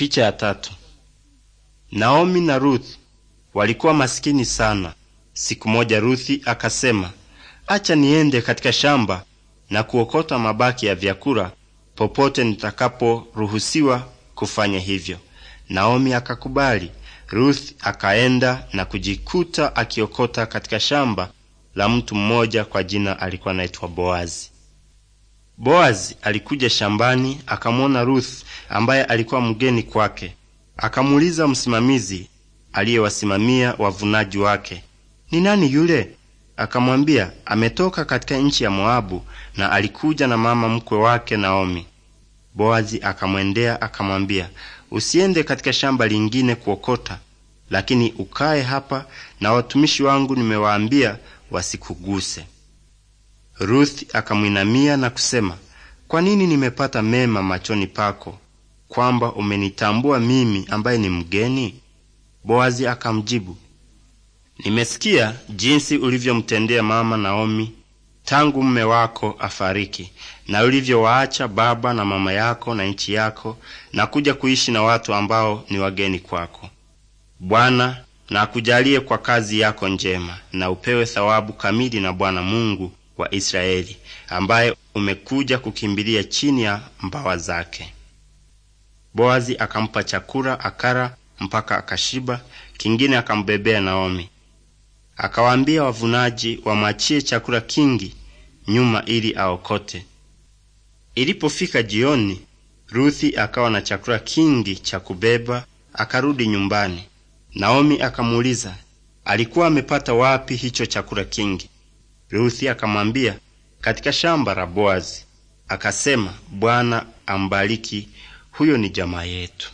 Picha ya tatu. Naomi na Ruth walikuwa masikini sana. Siku moja Ruthi akasema, acha niende katika shamba na kuokota mabaki ya vyakula popote nitakaporuhusiwa kufanya hivyo. Naomi akakubali. Ruth akaenda na kujikuta akiokota katika shamba la mtu mmoja kwa jina alikuwa anaitwa Boazi. Boazi alikuja shambani akamwona Ruth ambaye alikuwa mgeni kwake. Akamuuliza msimamizi aliyewasimamia wavunaji wake, ni nani yule? Akamwambia ametoka katika nchi ya Moabu na alikuja na mama mkwe wake Naomi. Boazi akamwendea akamwambia, usiende katika shamba lingine kuokota, lakini ukae hapa na watumishi wangu nimewaambia wasikuguse. Ruth akamwinamia na kusema, kwa nini nimepata mema machoni pako, kwamba umenitambua mimi ambaye ni mgeni? Boazi akamjibu, nimesikia jinsi ulivyomtendea mama Naomi tangu mume wako afariki, na ulivyowaacha baba na mama yako na nchi yako, na kuja kuishi na watu ambao ni wageni kwako. Bwana na akujalie kwa kazi yako njema, na upewe thawabu kamili na Bwana Mungu wa Israeli ambaye umekuja kukimbilia chini ya mbawa zake. Boazi akampa chakula akara mpaka akashiba, kingine akambebea Naomi. Akawaambia wavunaji wamwachie chakula kingi nyuma ili aokote. Ilipofika jioni, Ruthi akawa na chakula kingi cha kubeba, akarudi nyumbani. Naomi akamuuliza alikuwa amepata wapi hicho chakula kingi. Ruthi akamwambia, katika shamba la Boazi. Akasema, Bwana ambariki, huyo ni jamaa yetu.